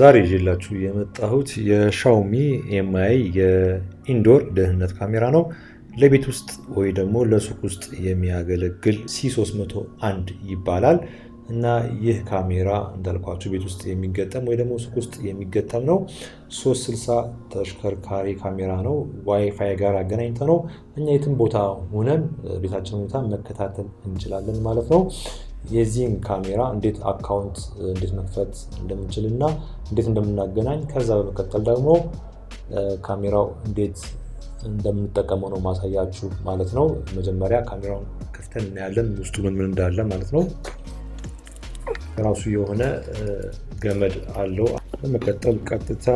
ዛሬ ይዤላችሁ የመጣሁት የሻውሚ ኤምአይ የኢንዶር ደህንነት ካሜራ ነው። ለቤት ውስጥ ወይ ደግሞ ለሱቅ ውስጥ የሚያገለግል ሲ301 ይባላል እና ይህ ካሜራ እንዳልኳችሁ ቤት ውስጥ የሚገጠም ወይ ደግሞ ሱቅ ውስጥ የሚገጠም ነው። 360 ተሽከርካሪ ካሜራ ነው። ዋይፋይ ጋር አገናኝተ ነው እኛ የትም ቦታ ሆነን ቤታችን ሁኔታ መከታተል እንችላለን ማለት ነው። የዚህን ካሜራ እንዴት አካውንት እንዴት መክፈት እንደምንችል እና እንዴት እንደምናገናኝ ከዛ በመቀጠል ደግሞ ካሜራው እንዴት እንደምንጠቀመው ነው ማሳያችሁ ማለት ነው። መጀመሪያ ካሜራውን ከፍተን እናያለን ውስጡ ምን ምን እንዳለ ማለት ነው። ራሱ የሆነ ገመድ አለው። በመቀጠል ቀጥታ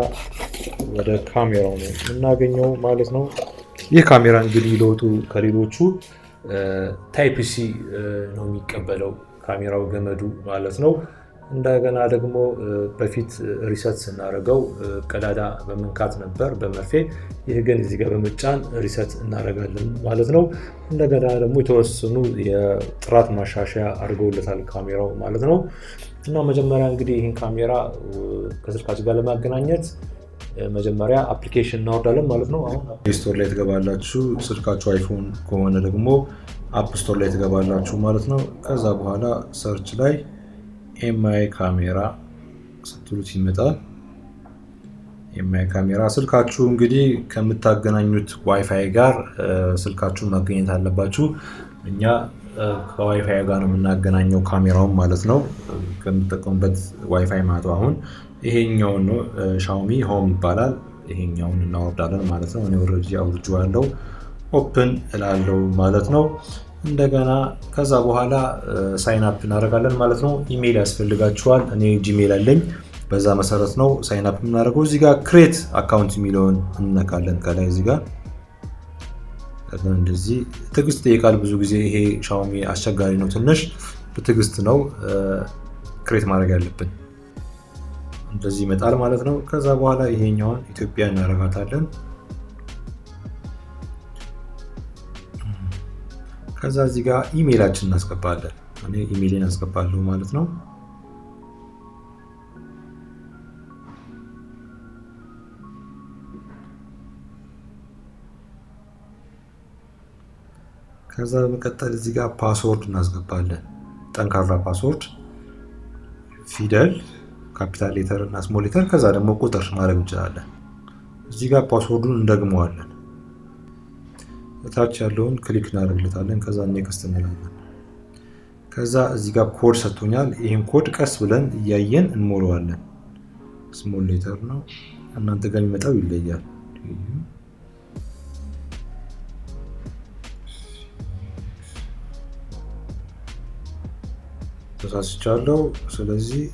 ወደ ካሜራው ነው የምናገኘው ማለት ነው። ይህ ካሜራ እንግዲህ ለውጡ ከሌሎቹ ታይፕ ሲ ነው የሚቀበለው ካሜራው ገመዱ ማለት ነው። እንደገና ደግሞ በፊት ሪሰት ስናደርገው ቀዳዳ በመንካት ነበር በመርፌ። ይህ ግን እዚህ ጋር በመጫን ሪሰት እናደርጋለን ማለት ነው። እንደገና ደግሞ የተወሰኑ የጥራት ማሻሻያ አድርገውለታል ካሜራው ማለት ነው። እና መጀመሪያ እንግዲህ ይህን ካሜራ ከስልካችን ጋር ለማገናኘት መጀመሪያ አፕሊኬሽን እናወርዳለን ማለት ነው። አሁን ፕሌይ ስቶር ላይ ትገባላችሁ። ስልካችሁ አይፎን ከሆነ ደግሞ አፕ ስቶር ላይ ትገባላችሁ ማለት ነው። ከዛ በኋላ ሰርች ላይ ኤምአይ ካሜራ ስትሉት ይመጣል። ኤምአይ ካሜራ ስልካችሁ እንግዲህ ከምታገናኙት ዋይፋይ ጋር ስልካችሁን ማገኘት አለባችሁ እኛ ከዋይፋይ ጋር ነው የምናገናኘው ካሜራውን ማለት ነው። ከምጠቀሙበት ዋይፋይ ማቱ አሁን ይሄኛውን ነው ሻውሚ ሆም ይባላል። ይሄኛውን እናወርዳለን ማለት ነው። እኔ ኦልሬዲ አውርጄዋለሁ። ኦፕን እላለው ማለት ነው። እንደገና ከዛ በኋላ ሳይን አፕ እናደርጋለን ማለት ነው። ኢሜይል ያስፈልጋችኋል። እኔ ጂሜል አለኝ። በዛ መሰረት ነው ሳይን አፕ የምናደርገው። እዚህ ጋር ክሬት አካውንት የሚለውን እንነካለን ከላይ እዚህ ጋር ከዛን እንደዚህ ትዕግስት ይጠይቃል። ብዙ ጊዜ ይሄ ሻውሚ አስቸጋሪ ነው። ትንሽ በትዕግስት ነው ክሬት ማድረግ ያለብን። እንደዚህ ይመጣል ማለት ነው። ከዛ በኋላ ይሄኛውን ኢትዮጵያ እናረጋታለን። ከዛ እዚህ ጋር ኢሜይላችን እናስገባለን። እኔ ኢሜይሌን አስገባለሁ ማለት ነው። ከዛ በመቀጠል እዚህ ጋር ፓስወርድ እናስገባለን። ጠንካራ ፓስወርድ ፊደል፣ ካፒታል ሌተር እና ስሞል ሌተር ከዛ ደግሞ ቁጥር ማድረግ እንችላለን። እዚህ ጋር ፓስወርዱን እንደግመዋለን። እታች ያለውን ክሊክ እናደርግለታለን። ከዛ ኔክስት እንላለን። ከዛ እዚህ ጋር ኮድ ሰጥቶኛል። ይህን ኮድ ቀስ ብለን እያየን እንሞላዋለን። ስሞል ሌተር ነው። እናንተ ጋር የሚመጣው ይለያል። ተሳስቻለሁ። ስለዚህ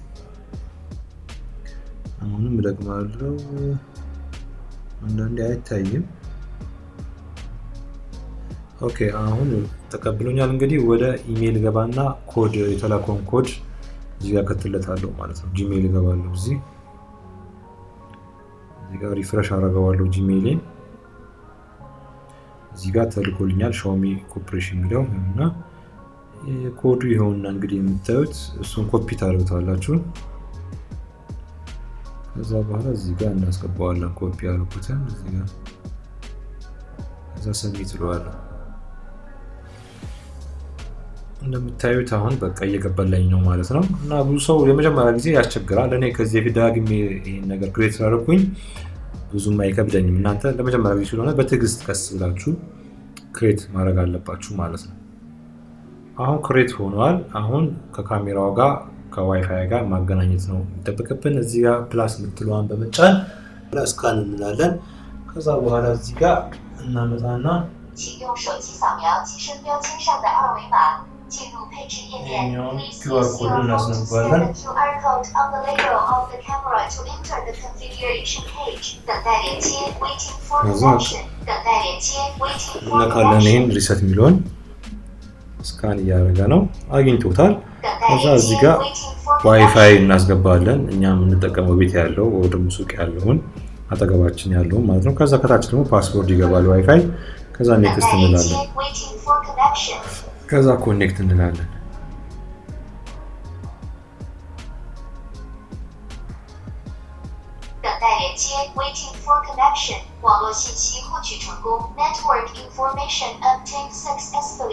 አሁንም እደግማለሁ። አንዳንዴ አይታይም። ኦኬ አሁን ተቀብሎኛል። እንግዲህ ወደ ኢሜይል ገባና ኮድ የተላከውን ኮድ እዚህ ጋር ከትለታለሁ ማለት ነው። ጂሜይል እገባለሁ። እዚህ እዚህ ጋር አረገዋለሁ ጂሜይሌን። እዚህ ጋር ተልኮልኛል ሻውሚ ኮርፖሬሽን የሚለው እና ኮዱ ይኸውና እንግዲህ የምታዩት እሱን ኮፒ ታደርጉታላችሁ። ከዛ በኋላ እዚህ ጋር እናስገባዋለን። ኮፒ ያደርጉትን እዚህ ጋር ከዛ ሰሚት ትለዋለሁ። እንደምታዩት አሁን በቃ እየገባላኝ ነው ማለት ነው። እና ብዙ ሰው የመጀመሪያ ጊዜ ያስቸግራል። እኔ ከዚህ በፊት ዳግሜ ይህን ነገር ክሬት ስላደረኩኝ ብዙም አይከብደኝም። እናንተ ለመጀመሪያ ጊዜ ስለሆነ በትዕግስት ቀስ ብላችሁ ክሬት ማድረግ አለባችሁ ማለት ነው። አሁን ክሬት ሆኗል። አሁን ከካሜራው ጋር ከዋይፋይ ጋር ማገናኘት ነው የሚጠበቅብን። እዚህ ጋር ፕላስ የምትለዋን በመጫን ስካን እንላለን። ከዛ በኋላ እዚህ ጋር እናመጣና ይሄኛውን ኮድ እናስነባለን። እነካለን ይህን ሪሰት የሚለውን ስካን እያደረገ ነው። አግኝቶታል። ከዛ እዚህ ጋር ዋይፋይ እናስገባለን እኛ የምንጠቀመው ቤት ያለው ወይ ሱቅ ያለውን አጠገባችን ያለውን ማለት ነው። ከዛ ከታች ደግሞ ፓስወርድ ይገባል ዋይፋይ። ከዛ ኔክስት እንላለን። ከዛ ኮኔክት እንላለን። ኔትወርክ ኢንፎርሜሽን ሰክሰስፉሊ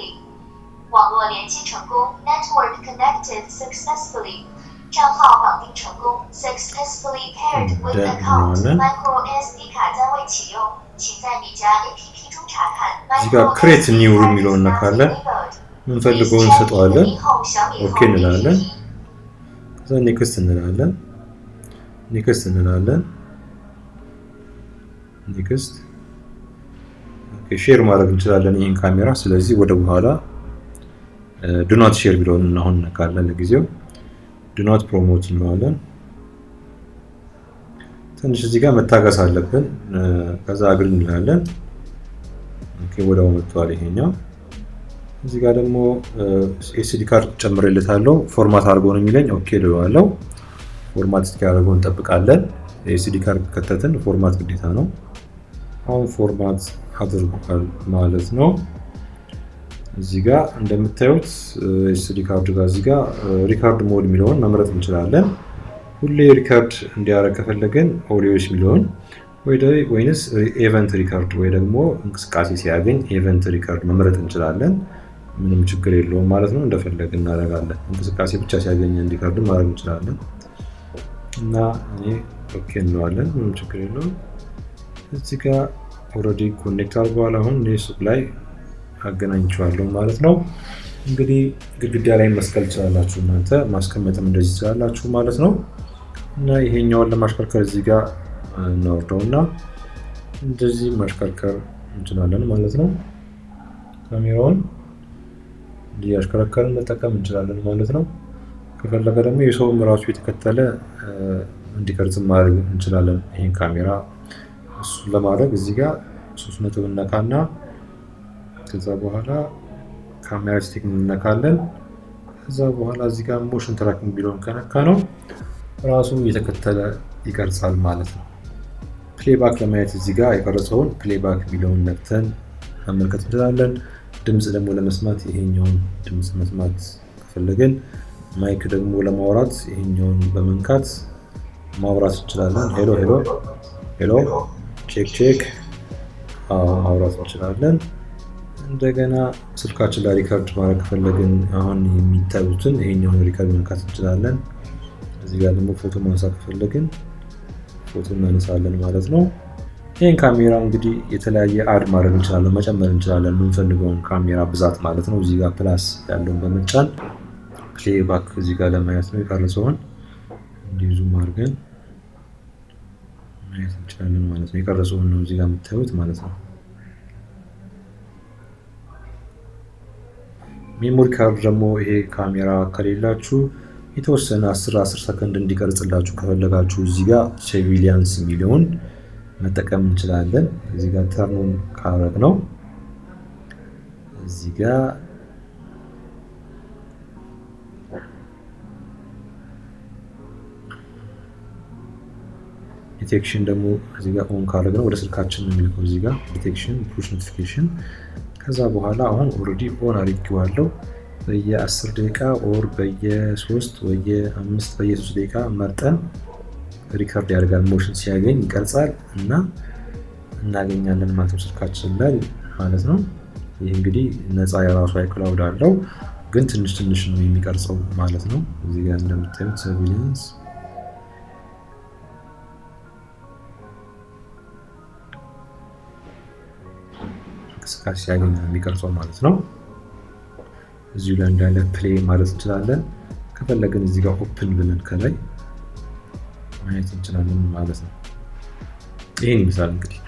网络连接成功，Network connected successfully。账号绑定成功，successfully paired with micro SD 卡暂未启用，请在米家 APP 中查看。እዚህ create new room የሚለውን እንሰጠዋለን። ኦኬ እንላለን። ከዛ ኔክስት እንላለን። ኔክስት እንላለን። ኔክስት ሼር ማድረግ እንችላለን ይህን ካሜራ። ስለዚህ ወደ በኋላ ዱናት ሼር ቢለውን አሁን ነካለን። ለጊዜው ዱናት ፕሮሞት እንለዋለን። ትንሽ እዚህ ጋር መታገስ አለብን። ከዛ አግሪ እንላለን። ኦኬ ወዲያው መጥቷል ይሄኛው። እዚህ ጋር ደግሞ ኤስዲ ካርድ ጨምሬለታለሁ። ፎርማት አድርጎ ነው የሚለኝ። ኦኬ ልለዋለሁ። ፎርማት እስኪ እስኪያደርገው እንጠብቃለን። ኤስዲ ካርድ ከተትን ፎርማት ግዴታ ነው። አሁን ፎርማት አድርጓል ማለት ነው። እዚህ ጋር እንደምታዩት ኤስዲ ካርድ ጋር እዚህ ጋር ሪካርድ ሞድ የሚለውን መምረጥ እንችላለን። ሁሌ ሪካርድ እንዲያደርግ ከፈለግን ኦዲዮስ የሚለውን ወይንስ ኤቨንት ሪካርድ ወይ ደግሞ እንቅስቃሴ ሲያገኝ ኤቨንት ሪካርድ መምረጥ እንችላለን። ምንም ችግር የለውም ማለት ነው። እንደፈለግ እናደርጋለን። እንቅስቃሴ ብቻ ሲያገኝ እንዲካርድ ማድረግ እንችላለን እና እኔ ኦኬ እንለዋለን። ምንም ችግር የለውም። እዚህ ጋር ኦልሬዲ ኮኔክት አድርገዋል። አሁን ሱቅ ላይ አገናኝቸዋለሁ ማለት ነው። እንግዲህ ግድግዳ ላይ መስቀል ትችላላችሁ እናንተ ማስቀመጥም እንደዚህ ትችላላችሁ ማለት ነው። እና ይሄኛውን ለማሽከርከር እዚህ ጋር እናወርደው እና እንደዚህ ማሽከርከር እንችላለን ማለት ነው። ካሜራውን እያሽከረከርን መጠቀም እንችላለን ማለት ነው። ከፈለገ ደግሞ የሰውም ራሱ የተከተለ እንዲቀርጽ ማድረግ እንችላለን። ይህን ካሜራ እሱን ለማድረግ እዚህ ጋር ሶስት ነጥብ ነካና ከዛ በኋላ ካሜራ ስቲክ እንነካለን። ከዛ በኋላ እዚህ ጋር ሞሽን ትራኪንግ ቢለውን ከነካ ነው ራሱ እየተከተለ ይቀርጻል ማለት ነው። ፕሌባክ ለማየት እዚህ ጋር የቀረጸውን ፕሌባክ ቢለውን ነክተን መመልከት እንችላለን። ድምፅ ደግሞ ለመስማት ይሄኛውን ድምፅ መስማት ከፈለግን፣ ማይክ ደግሞ ለማውራት ይሄኛውን በመንካት ማውራት እንችላለን። ሄሎ ሄሎ ሄሎ ቼክ ቼክ ማውራት እንችላለን። እንደገና ስልካችን ላይ ሪከርድ ማድረግ ከፈለግን አሁን የሚታዩትን ይሄኛውን ሪከርድ መንካት እንችላለን። እዚህ ጋር ደግሞ ፎቶ ማንሳት ከፈለግን ፎቶ እናነሳለን ማለት ነው። ይህን ካሜራ እንግዲህ የተለያየ አድ ማድረግ እንችላለን፣ መጨመር እንችላለን፣ የምንፈልገውን ካሜራ ብዛት ማለት ነው። እዚህ ጋር ፕላስ ያለውን በመጫን ፕሌይ ባክ እዚህ ጋር ለማየት ነው የቀረጸውን እንዲዙ ማድርገን አድርገን ማየት እንችላለን ማለት ነው። የቀረጸውን ነው እዚህ ጋር የምታዩት ማለት ነው። ሜሞሪ ካርድ ደግሞ ይሄ ካሜራ ከሌላችሁ የተወሰነ 10 10 ሰከንድ እንዲቀርጽላችሁ ከፈለጋችሁ እዚህ ጋር ሴቪሊያንስ የሚለውን መጠቀም እንችላለን። እዚህ ጋር ተርኑን ካረግ ነው እዚህ ጋር ዲቴክሽን ደግሞ እዚህ ጋር ኦን ካረግ ነው ወደ ስልካችን የሚልከው እዚህ ጋር ዲቴክሽን ፑሽ ኖቲፊኬሽን ከዛ በኋላ አሁን ኦልሬዲ ኦን አድርጌዋለሁ። በየ10 ደቂቃ ኦር በየ3 በየ5 በየ3 ደቂቃ መርጠን ሪከርድ ያደርጋል። ሞሽን ሲያገኝ ይቀርጻል እና እናገኛለን ማለት ነው ስልካችን ላይ ማለት ነው። ይህ እንግዲህ ነፃ የራሱ አይክላውድ አለው፣ ግን ትንሽ ትንሽ ነው የሚቀርጸው ማለት ነው። እዚህ ጋር እንደምታዩት ሰርቪላንስ እንቅስቃሴ ሲያገኝ የሚቀርጸው ማለት ነው። እዚሁ ላይ እንዳለ ፕሌይ ማለት እንችላለን። ከፈለግን እዚህ ጋር ኦፕን ብለን ከላይ ማየት እንችላለን ማለት ነው። ይህን ይመስላል እንግዲህ